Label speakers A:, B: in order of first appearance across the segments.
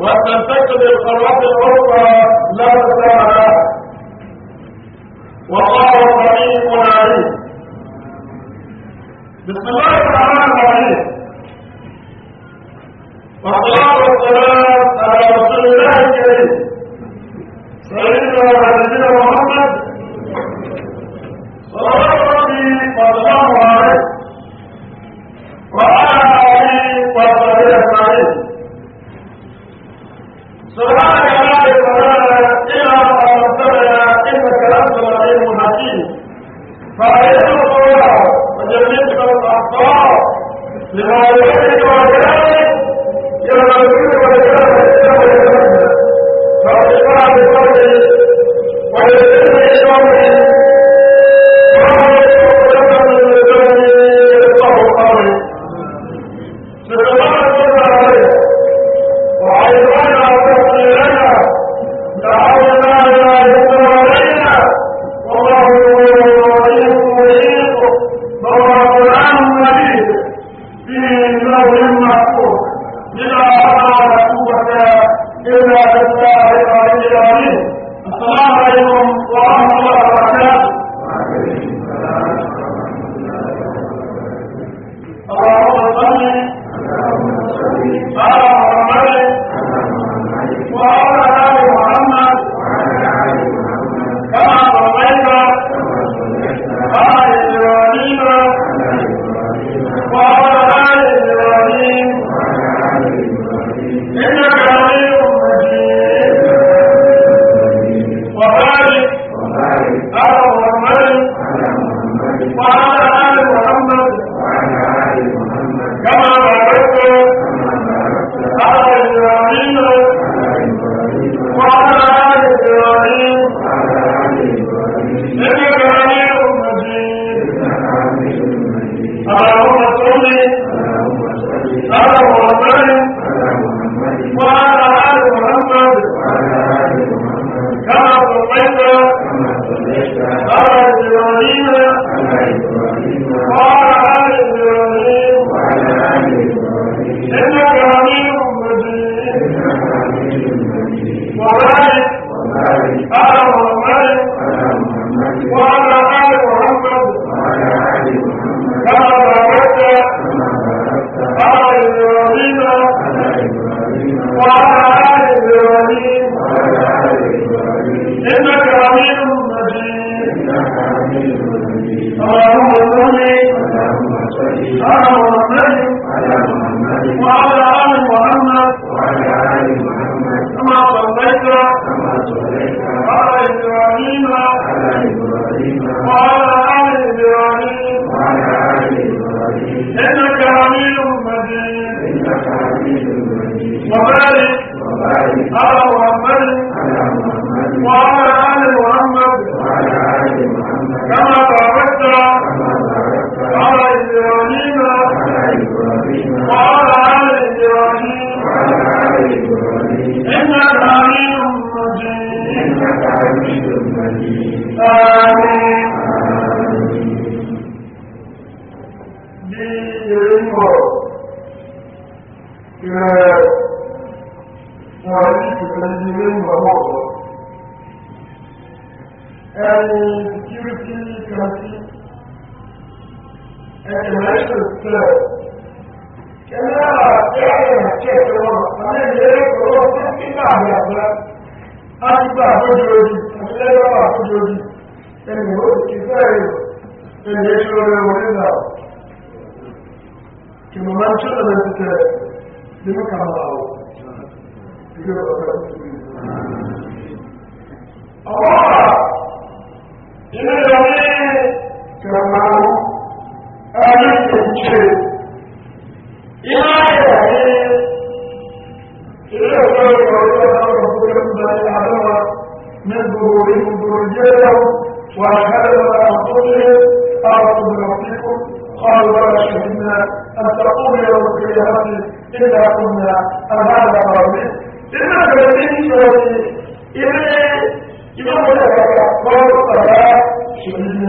A: وتنتقل القنوات الأخرى لا تساها
B: والله طريق عليم
A: بسم الله الرحمن الرحيم
B: والصلاة والسلام على رسول الله الكريم سيدنا ونبينا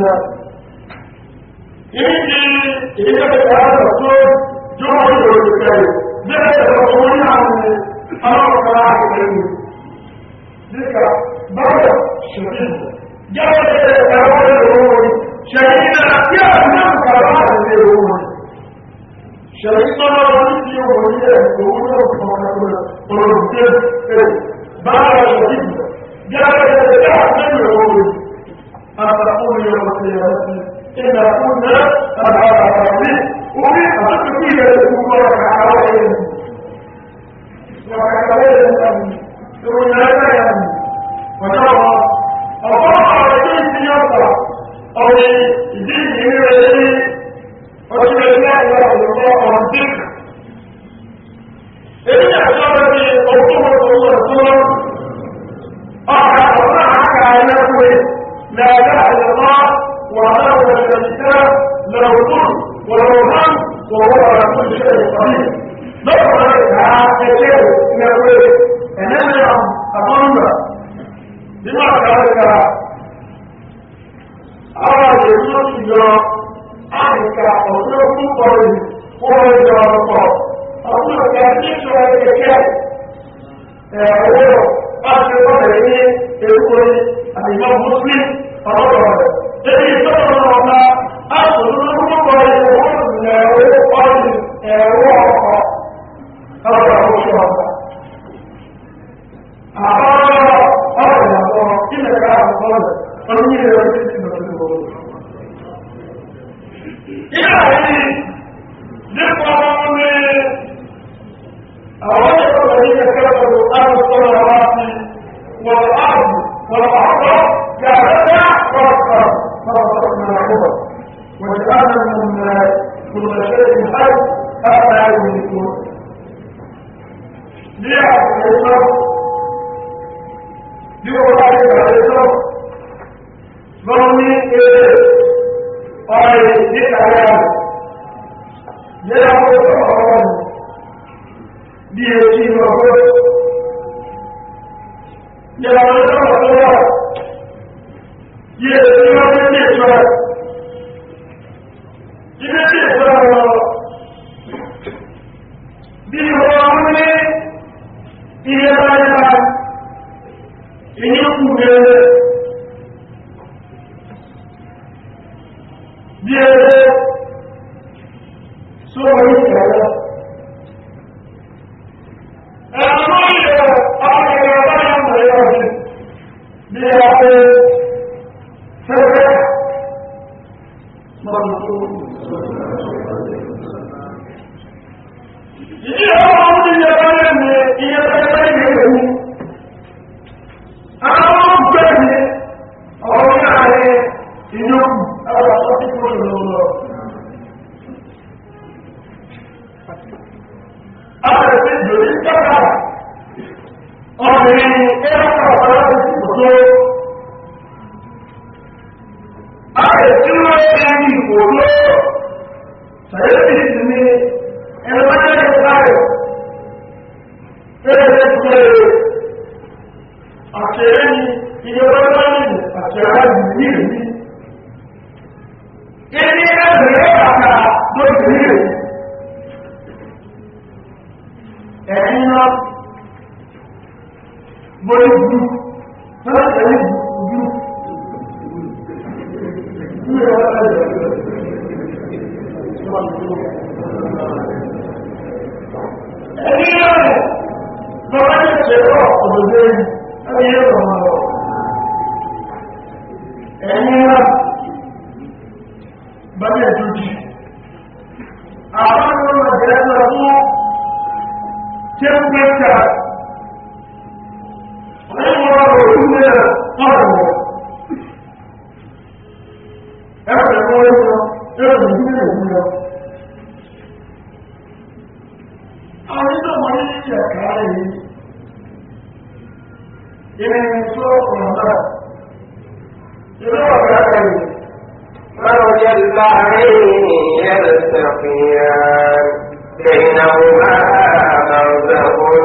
A: wọn. Ìní ti ìdíjẹ́ ìdájọ́ tó yóò wọ́n yóò lè fẹ́ bẹ́ẹ̀ lọ owó ní àwọn ọlọ́pàá àgbẹ̀ mi. Nígbà báyọ̀ ṣòfin jáwọ́ lè ẹ̀rọ ìlú wọn. Ṣèyí náà kí ان كما قلنا قد عرف ربه وبيحط فيه لكم ورفع عليهم ورفع عليهم قلنا ọlọ́run bí ẹgbẹ́ sọ́wọ́ مرج البحرين يلتقيان بينهما برزخ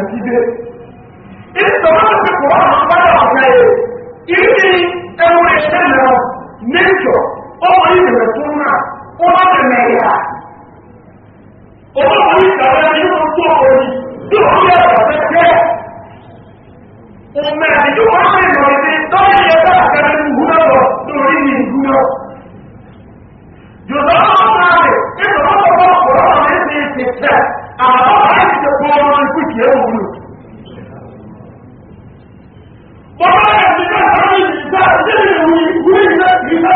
A: àtìlẹ̀ sí ìtọ́lá ti kò wá àwọn bára ọ̀fẹ́ yìí ẹ̀ṣẹ́ lọ nature ọmọ ìbẹ̀rẹ̀ tó náà ó bá bẹ̀rẹ̀ ẹ̀yà ọmọ ìgbàlẹ̀ nínú tó orí tí ó yẹn wúlò. Bọ́lá ẹ̀sìn náà sáré ìgbà tí ìlú ìlú ìlú ìlú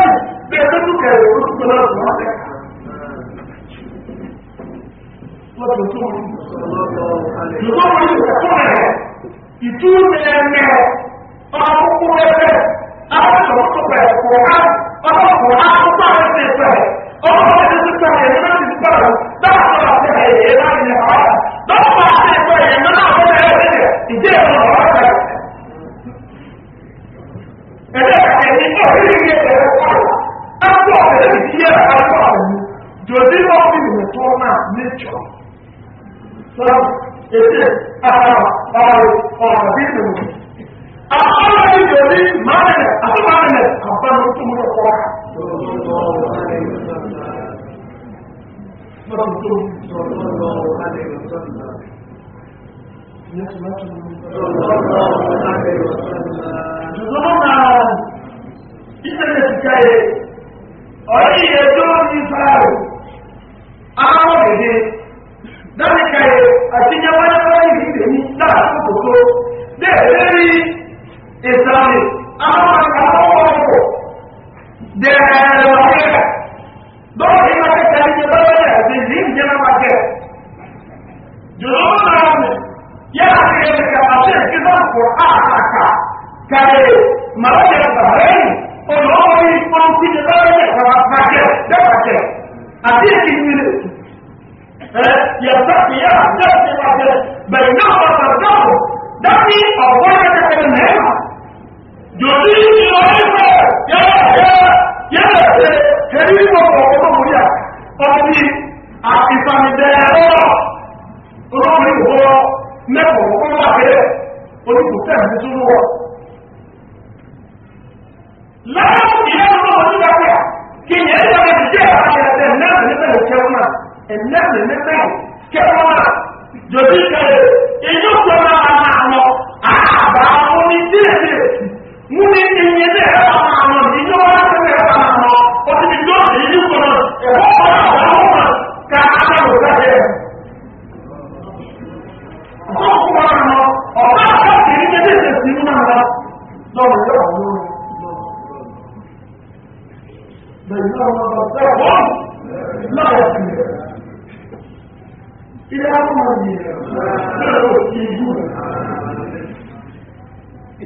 A: bẹ̀rẹ̀ tó tún kẹ̀rẹ̀ ló tún lọ sí wọn bẹ́ẹ̀. Wọ́n tó tún ìgbà wọn yóò fún ẹ̀ ìtú ẹ̀mẹ̀ ọmọ kúkú ẹgbẹ́ àwọn ọmọ tó bẹ̀rẹ̀ sọ́rọ̀ ètè àtàwà ọ̀rọ̀ ọ̀rọ̀ bí ìlú mi. àkọ́lá mi yóò ní mánẹ̀lẹ̀ àtúmánẹ̀lẹ̀ àbánu tó mú lọ́kọ́ ọ̀ka. Ìjọba náà ìtẹ̀lẹ̀ ti ká yẹ ọ̀rẹ́ 那我不能卖别人，我就自己还能收入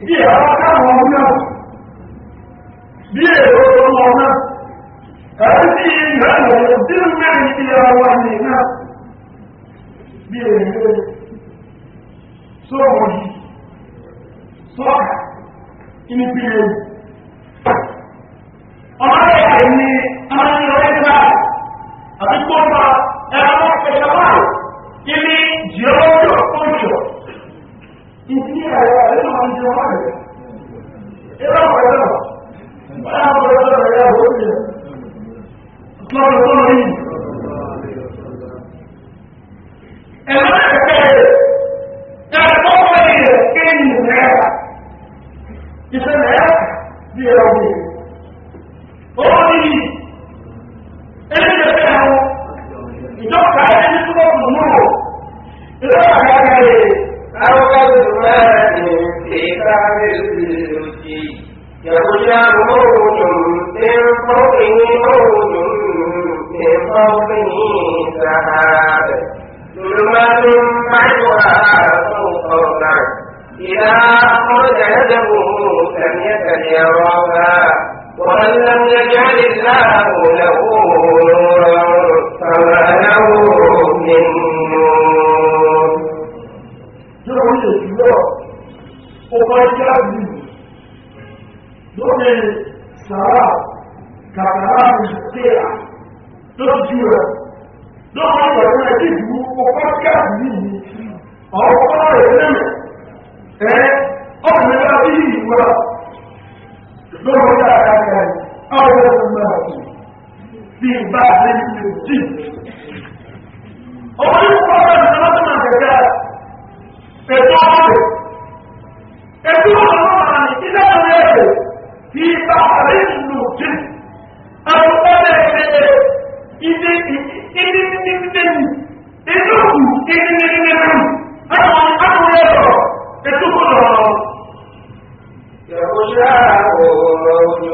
A: bí ẹ̀rọ káwọn ọmọ náà bí èrò ọmọ náà kàrí sí ìrìnàlẹ̀ òdínú mẹ́rin bí ara wà ní náà bí èrò sọ́ọ̀rọ̀ yìí sọ́ọ̀rọ̀ inú bí èrò dole sara kakara nìkéra lójú rẹ̀ lọ́wọ́ ìgbàgbọ́ rẹ̀ kí ìlú ọkọ̀ káàdì yìí ọkọ̀ rẹ̀ lẹ́mẹ̀ ẹ̀ ọkùnrin bá bí ìwà lọ́wọ́ dáadáa rẹ̀ ọwọ́ ọmọ rẹ̀ bí bá rẹ̀ ní ojú ọmọ yìí kọ́ ọ̀rọ̀ ìjọba tó máa kẹ̀kẹ́ ẹ̀tọ́ ọ̀rọ̀ ẹ̀tọ́ fi bàárẹ̀ lò jẹ́ àwọn ọ̀dẹ̀ ẹ̀rẹ̀ ìdí ìdí ìdí ìdí inú òkú ìdí ìdí ìdí ìdí àwọn akọ̀wé ọ̀rọ̀ ètò kò lọ́rọ̀. يغشى موج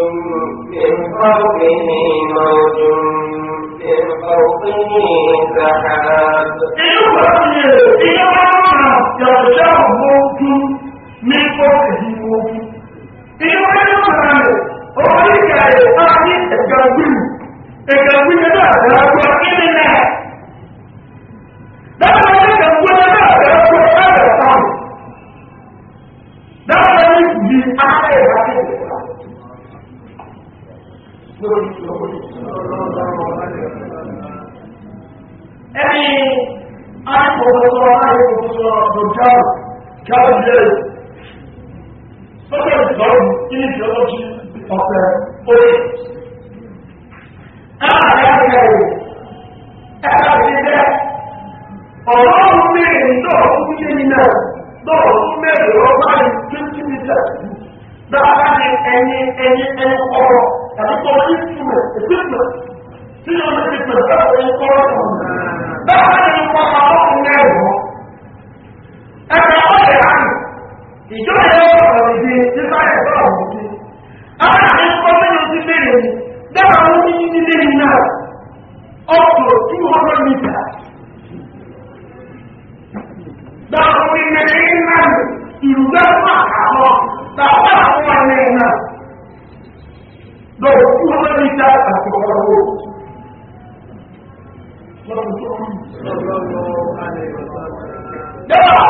A: من فوقه موج من فوقه it is not going to win. It's going to win We're going to that. That's ẹ̀rọ báyìí twenty meters dáadáa ní ẹni ẹni ẹni kọ́rọ̀ tàbí kọ́rọ̀ ní ìtumọ̀ ìtumọ̀ tí yóò ní ìtumọ̀ sáà ẹni kọ́rọ̀ ọ̀hún No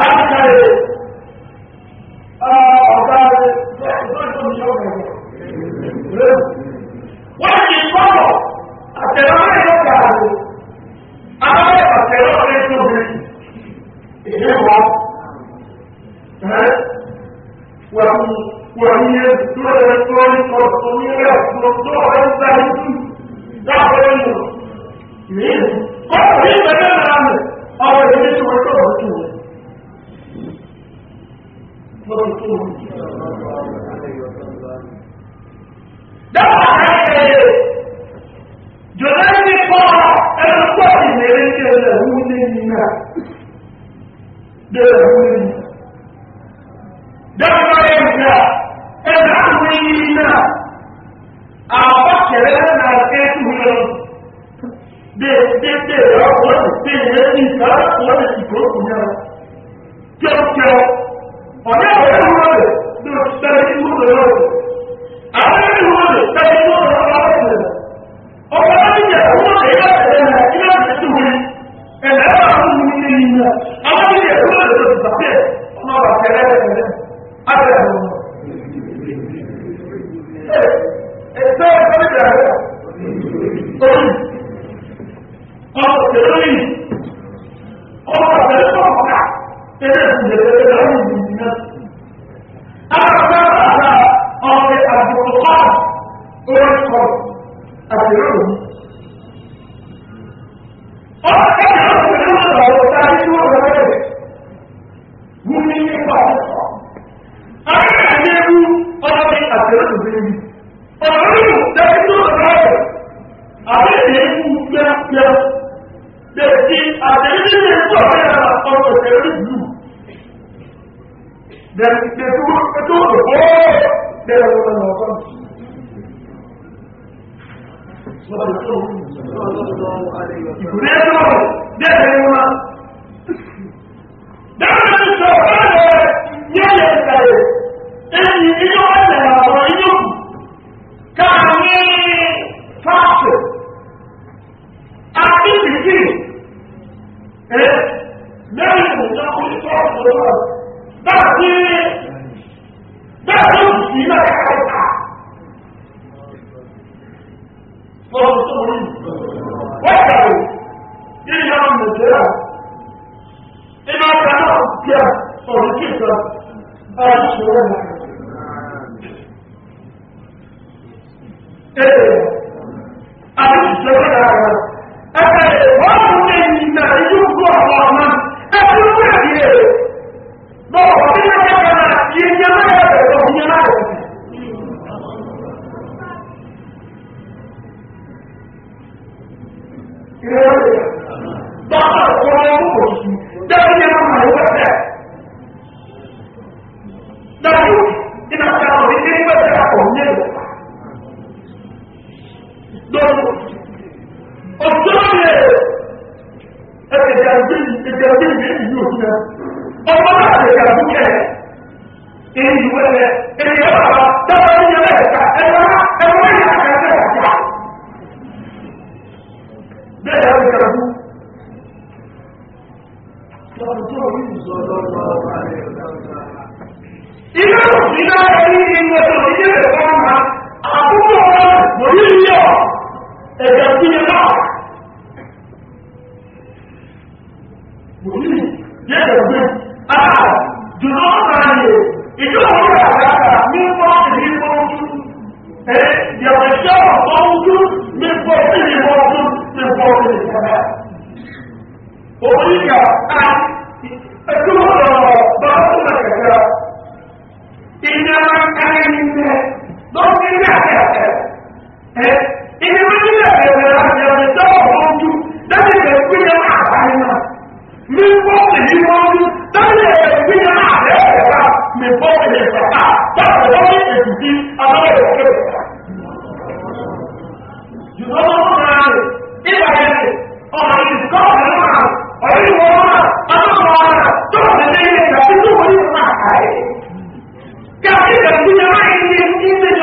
A: Gracias.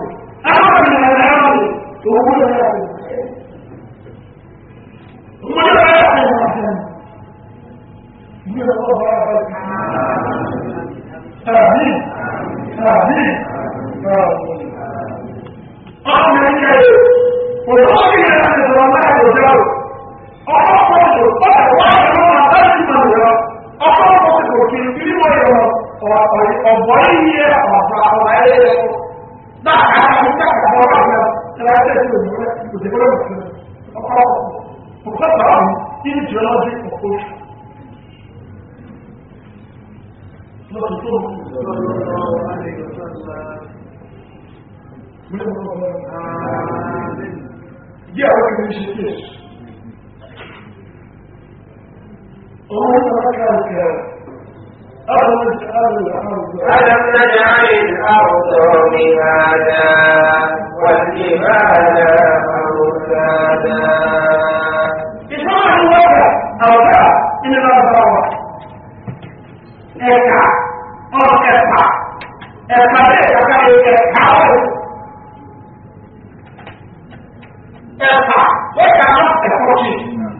A: ọ̀bọ̀nyẹ ọ̀pọ̀ àwọn ẹ̀rẹ́ yẹn kó náà kàkà ní kàkà àwọn ọ̀rọ̀ àgbẹ̀ ẹ̀rọ ẹ̀rẹ́ tó lè wọlé ọkọ̀ ọkọ̀ ọ̀hún kí ni geology ọkọ̀ Yẹ́ àwọn ìgbésí ṣe kí ẹ̀. Ọmọ ìgbésí ṣe kí ẹ̀. أغلى سؤال ألم نجعل الأرض مهادا والجبال أوتادا إسمعوا الوضع أوتادا إن الأرض ẹ̀ka ọ̀rọ̀ ẹ̀ka ẹ̀ka bẹ́ẹ̀ kàkà lè ẹ̀ka ọ̀rọ̀ ẹ̀ka ẹ̀ka ọ̀rọ̀ ẹ̀kọ́ sí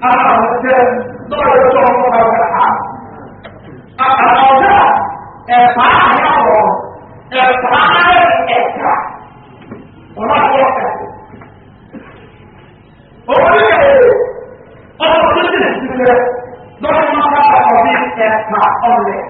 A: àwọn ọ̀rọ̀ tẹ́ lọ́rọ̀ tó ọ̀rọ̀ Gracias.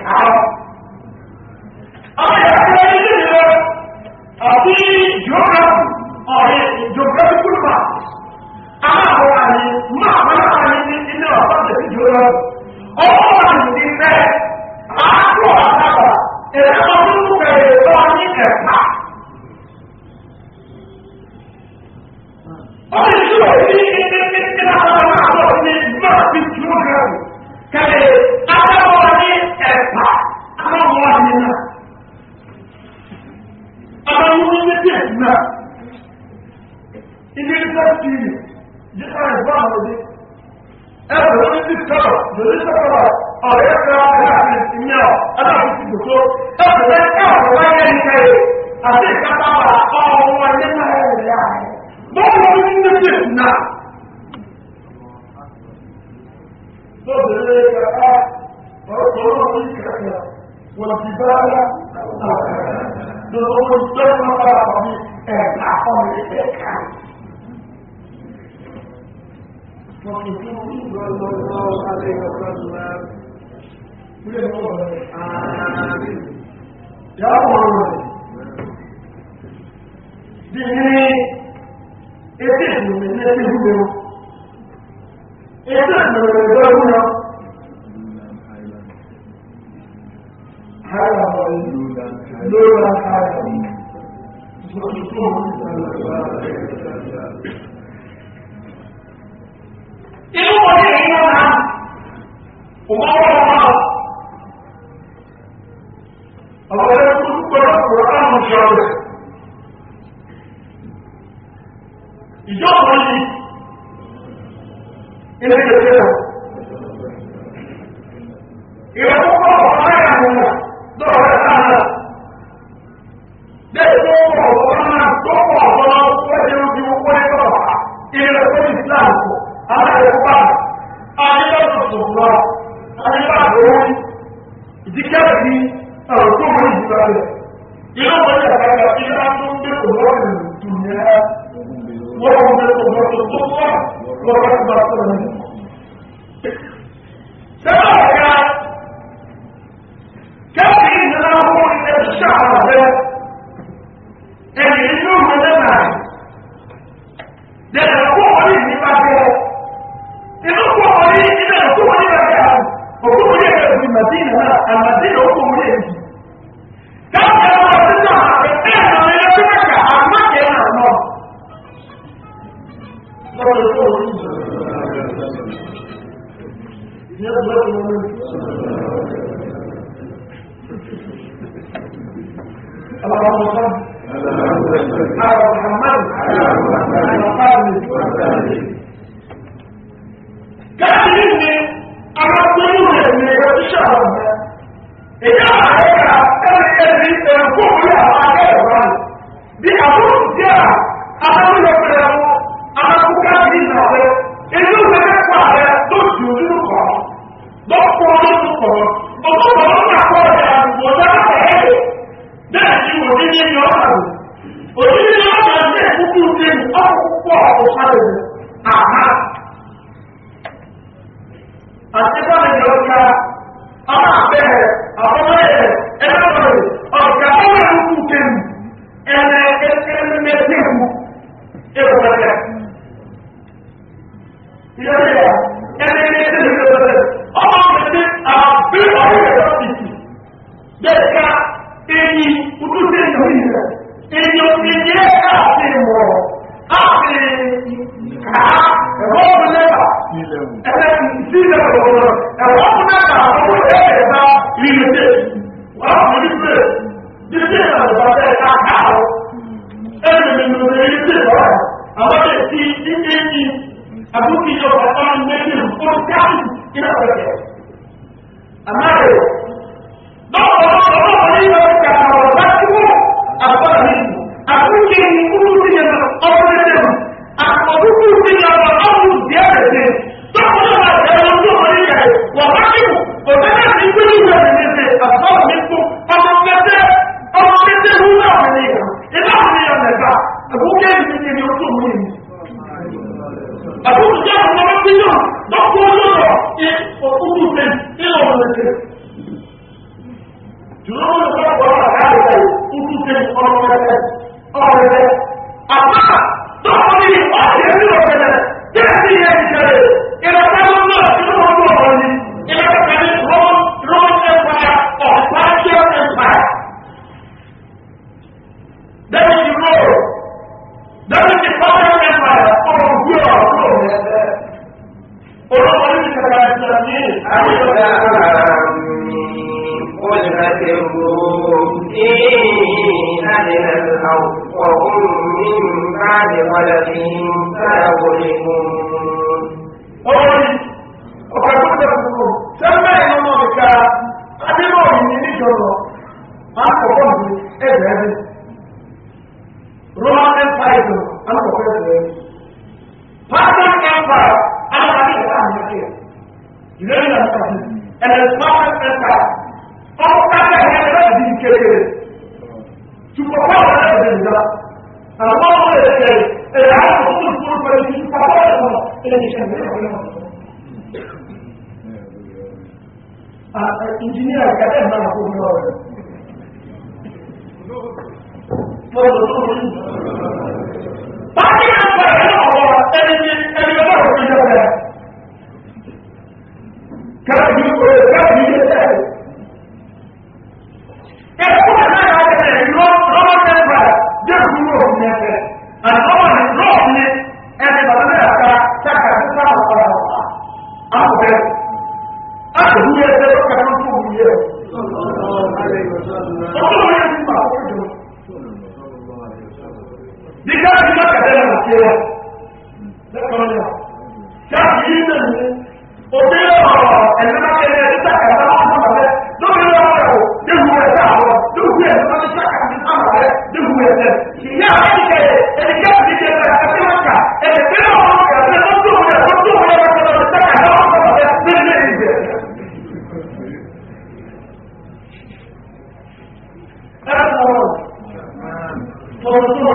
A: por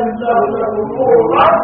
A: إلا هو الغفور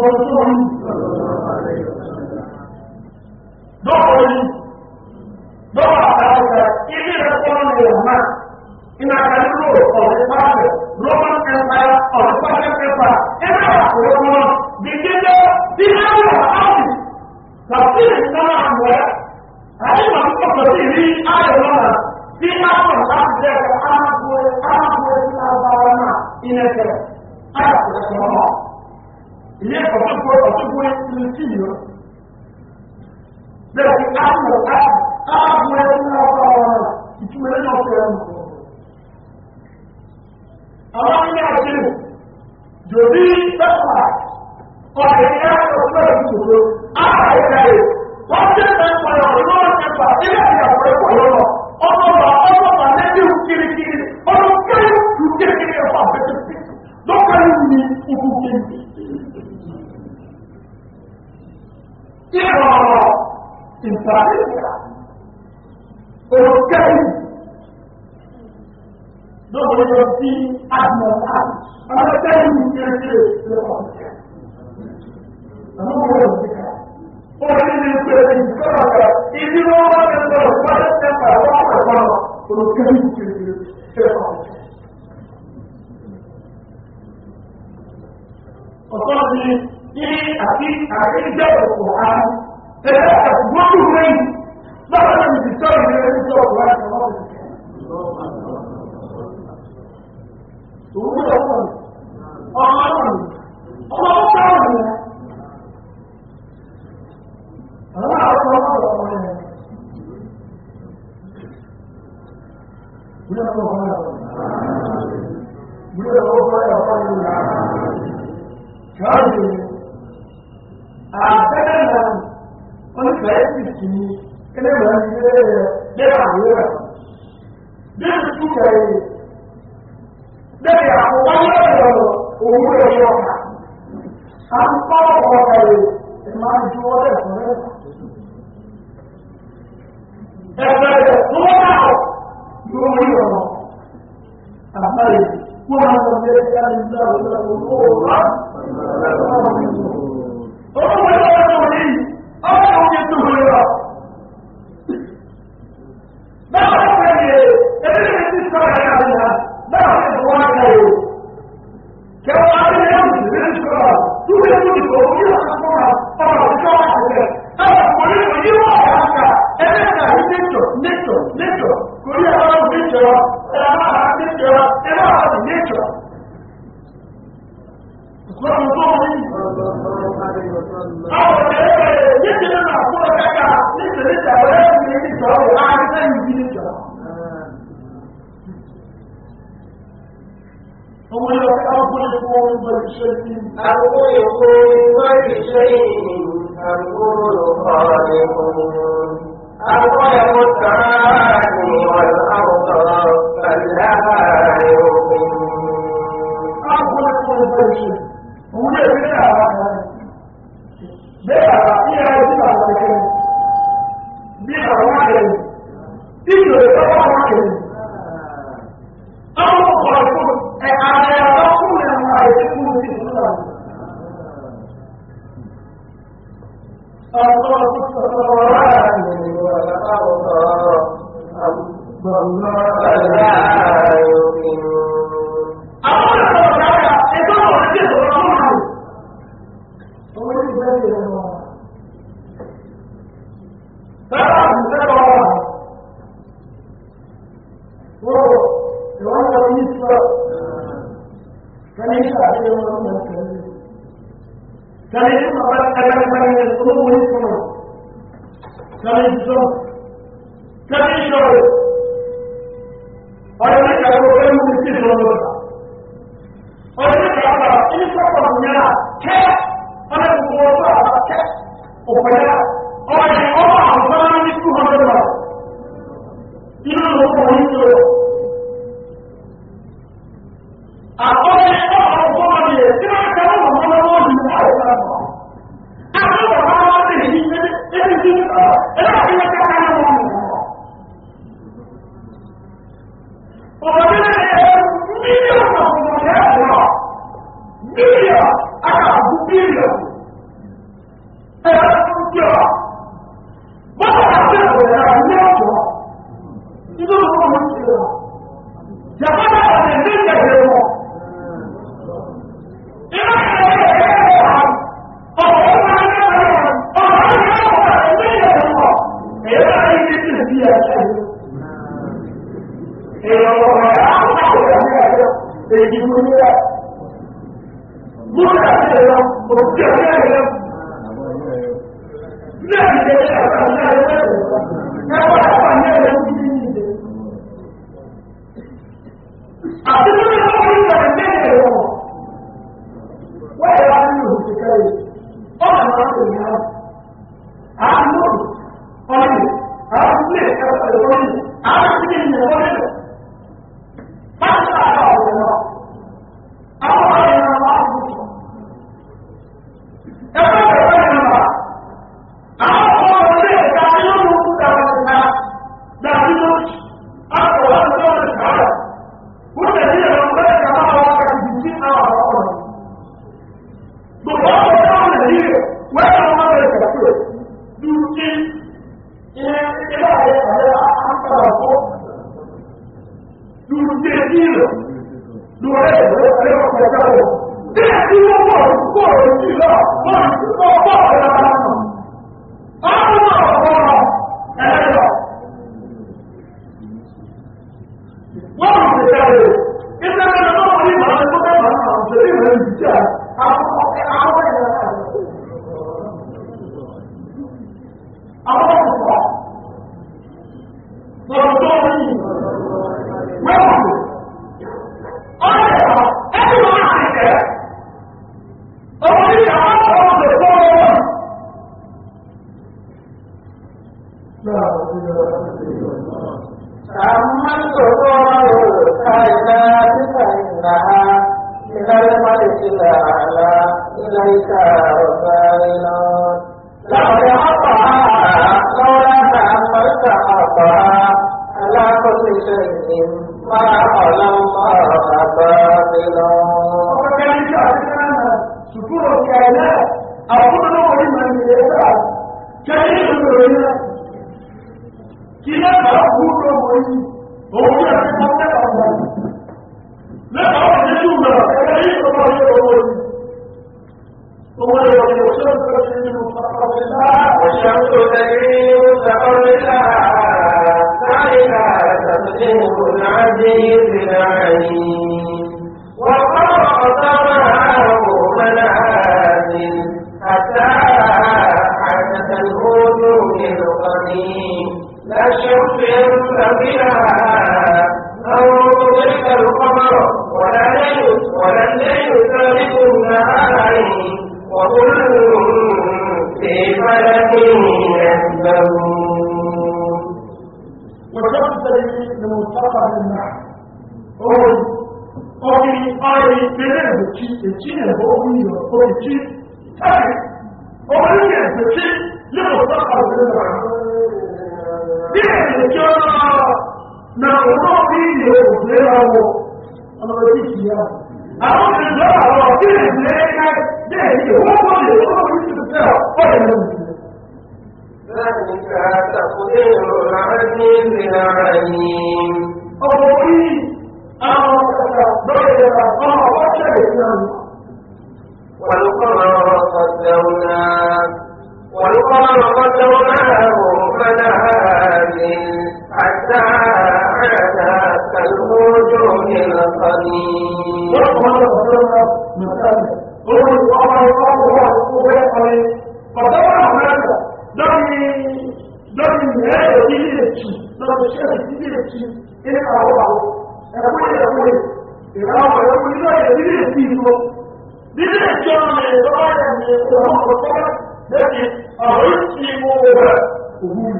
A: Thank então, lórí ọ̀rọ̀ àbáyé wọ́n máa ń lọ sí ẹgbẹ́ ìgbà òṣèlú ọ̀rọ̀ Period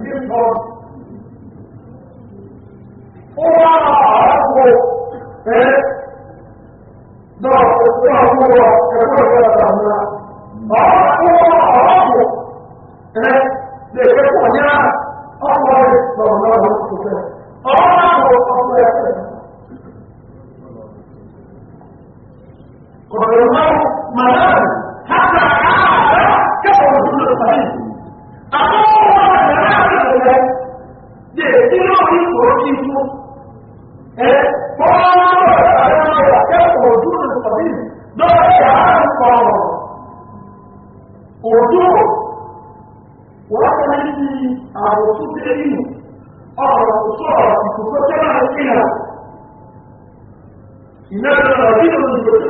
A: ìdí sọ ó wá àárọ̀ ẹ náà ó tó àwọn ọmọ ẹgbẹ́ ọ̀gá ọ̀gá ọ̀gá ọ̀gá ọ̀gá ẹ lè fẹ́ pọ̀ ní àná rẹ̀ lọ́wọ́ lọ́wọ́ tó fẹ́ ọ̀gá ọ̀gá ọ̀gá ẹ̀fẹ́. Kọ̀dọ̀ máa máa الرسول العلم أقرأ الصورة تفترى الإله إنك رجل من كتر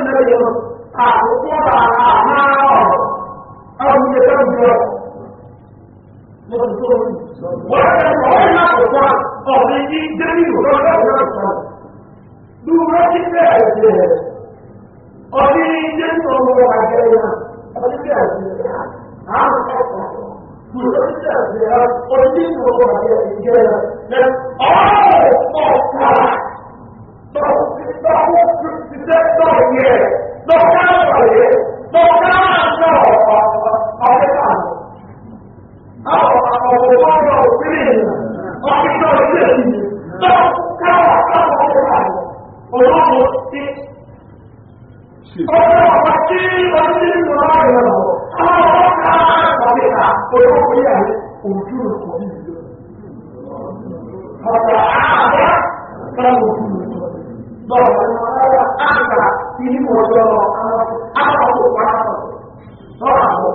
A: من اليوم أعطوك على أعمال أو يتوجه ولا يتعلم القرآن أعطيه جميل ولا يتعلم دورة الله أعطيه جميل ولا يتعلم أعطيه Now, for the people who are here in Canada, that all of God, no, no, that's not here, no, that's not here, no, that's not of the God. How about the one of being, of the God living, no, that's not of the God. Along with it, ọjọ́ ọ̀pá tí ọdún tí ń lọ láàrin ọ̀rọ̀ àwọn ọ̀pá àgbàdìta olóògbé yàrá وجوه القبيل فتعالى فوجوه القبيل ضرب المرأة أعلى فيهم وجوه أعرف وأعرف ضربه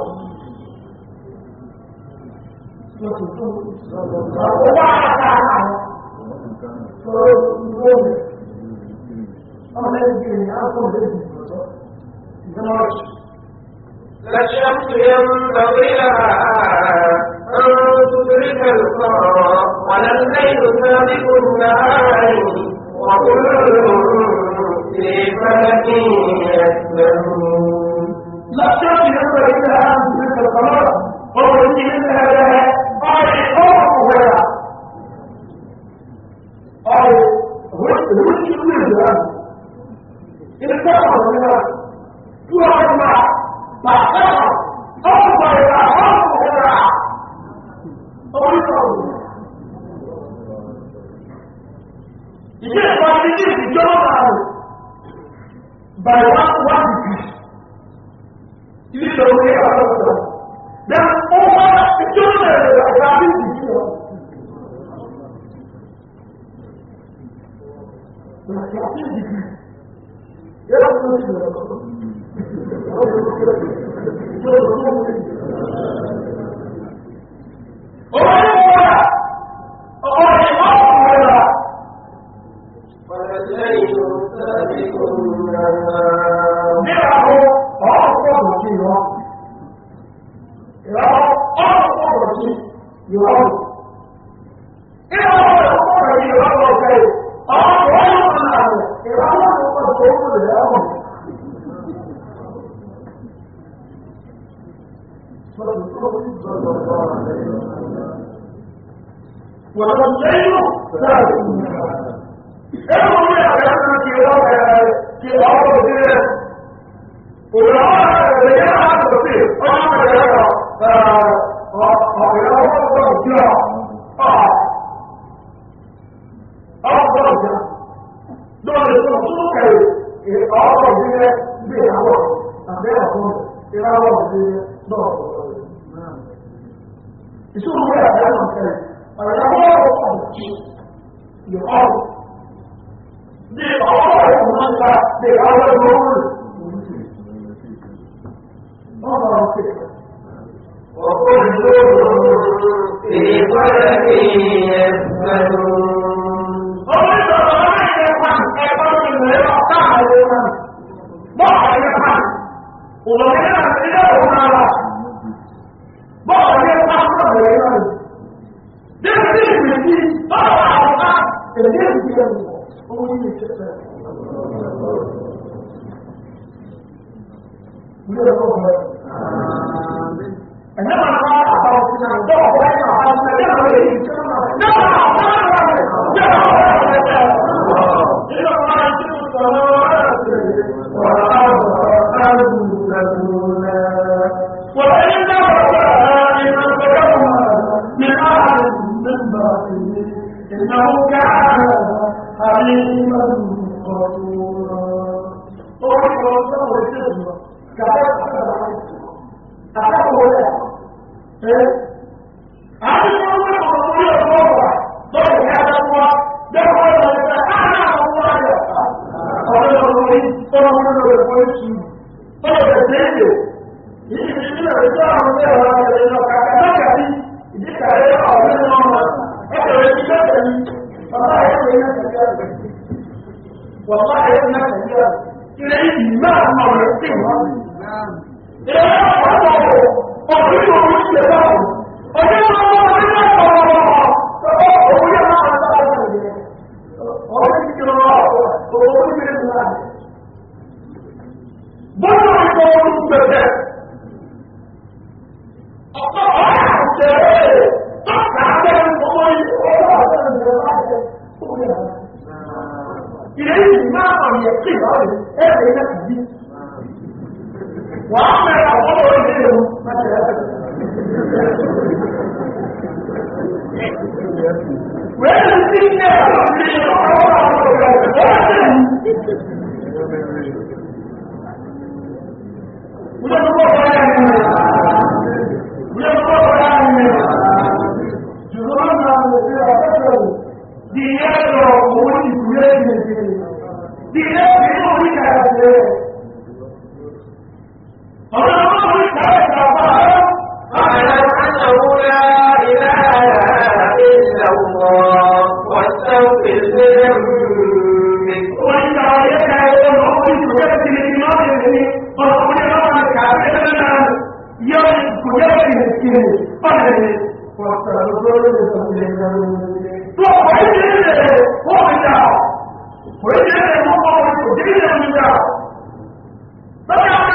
A: وضعت عنه فوجوه أنا يجيني أقول لك لا شمس ينبغي لها بالنهار وكلهم في فلك يسبحون يرضى هو اللي يشفى الله money 回家，回家，我把我手机也扔掉，大家。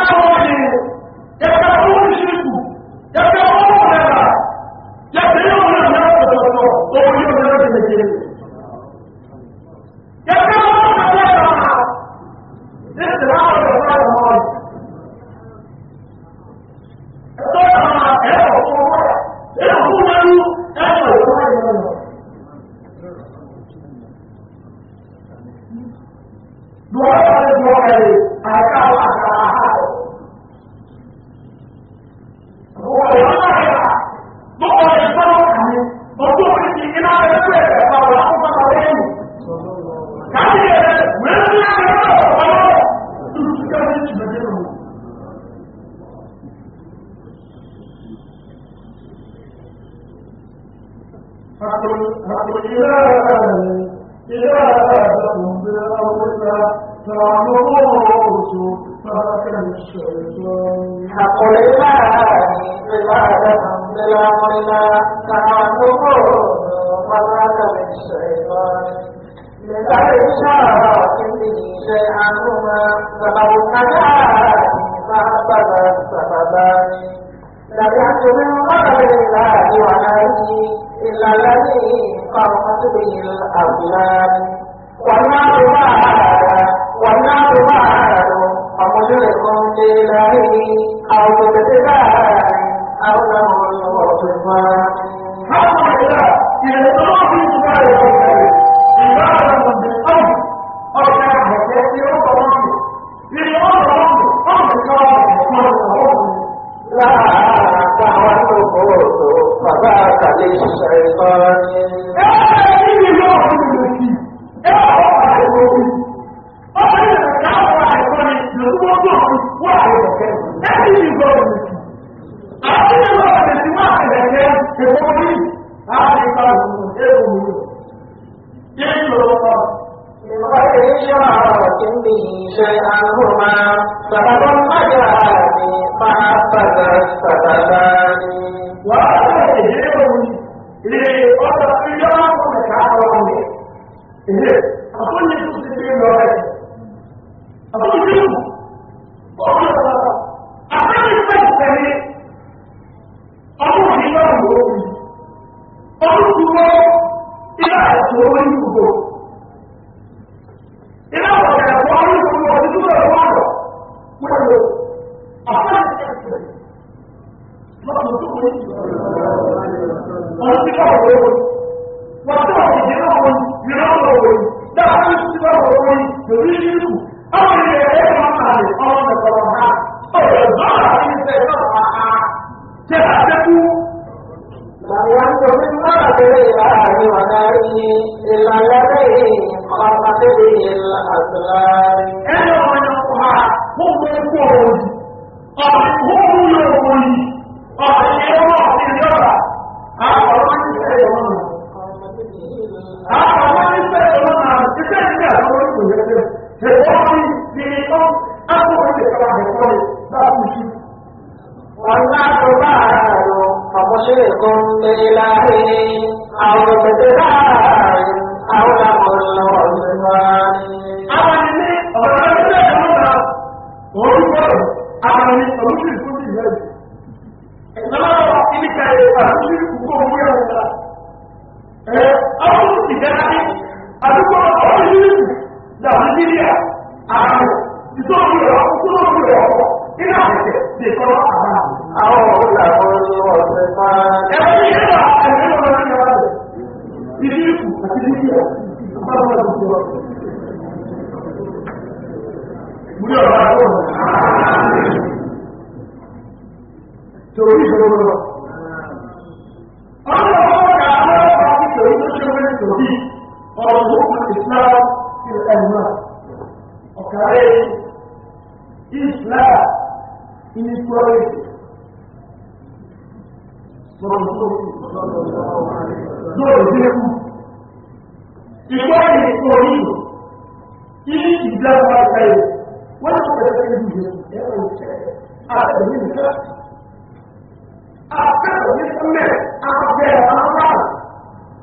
A: la before it is for you. Even if black man tell you, what is the thing you do? They will say, as a minister, after the minister met, after the man,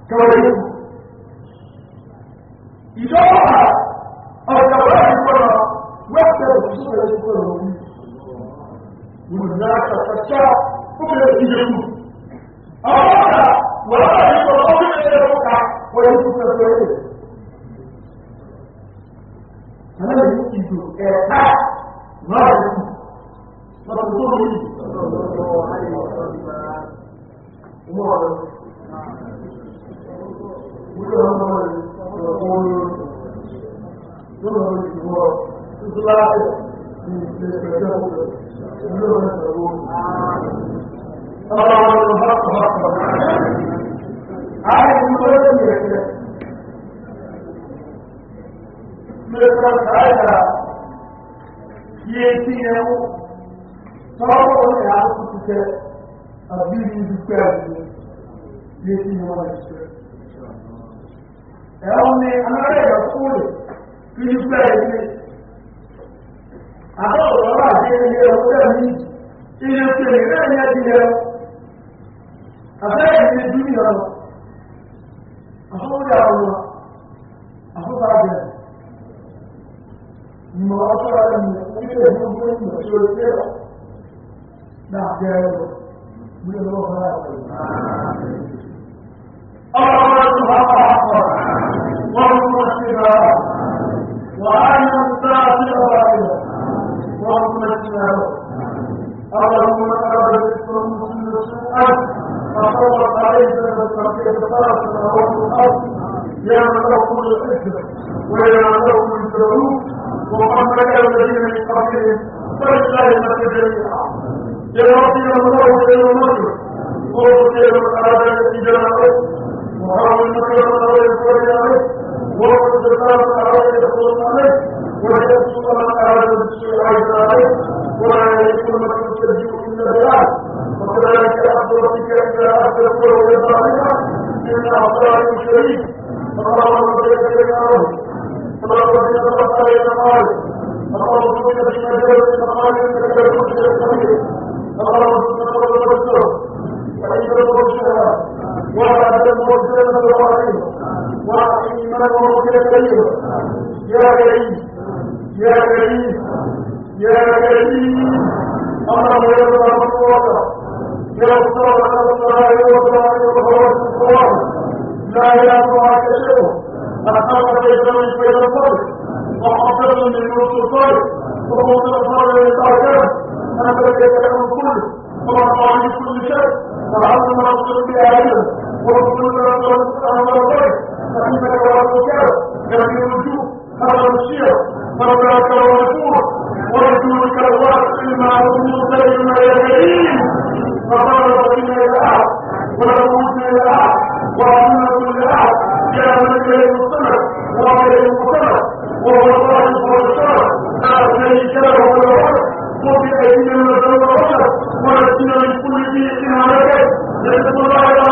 A: tell you. You don't have, or the way you go, what the people are going to do. You will not have to stop, who will you do? Ahora, whatever you go, whatever you go, whatever you go, to a ربك إلا أبلغ ولقائنا من أعطاء الشريك اللهم بارك لنا اللهم بارك لنا إلى قال اللهم بارك لنا إلى قال إنك لكل شيء قدير اللهم بارك لنا رسوله وعيد المرسلة وعد المرسلة الرحيم وعد إيمان المرسلة الكريمة يا كريم يا كريم يا كريم اللهم يرضى عنك يوصل على الله يوصل الله لا يقع كشفه أخاف ليس من بين الصالح وحفظ من يوصل الصالح وحفظ الصالح للأركان أنبلك يتعلم كله ومرفع عن كل شيء وعلم ما أصل بآياته ورسول الله أمر الصالح فإنك ورسولك كان يرجو هذا الشيء فربك ورسولك ورسولك الله إما أبو موسى إما يدعيه وقال رسول الله ورسول الله وعلى رسول الله جاء من اليه السنه وعلى اليه السنه وهو الله هو الشرع لا شريك له ولا غيره وفي ايدينا من الغرب ولا من كل شيء على يده نسال الله